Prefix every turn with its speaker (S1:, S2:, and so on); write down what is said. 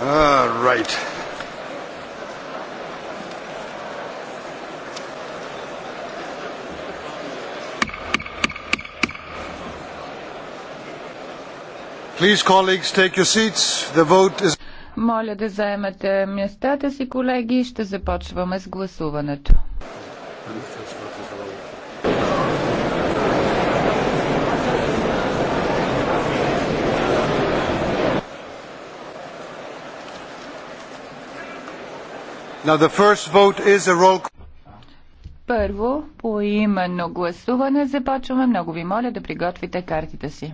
S1: All right.
S2: Please, colleagues, take your seats. The vote is...
S3: Моля да заемете местата си, колеги, и ще започваме с гласуването.
S4: Roll...
S3: Първо, по именно гласуване започваме. Много ви моля да приготвите картите си.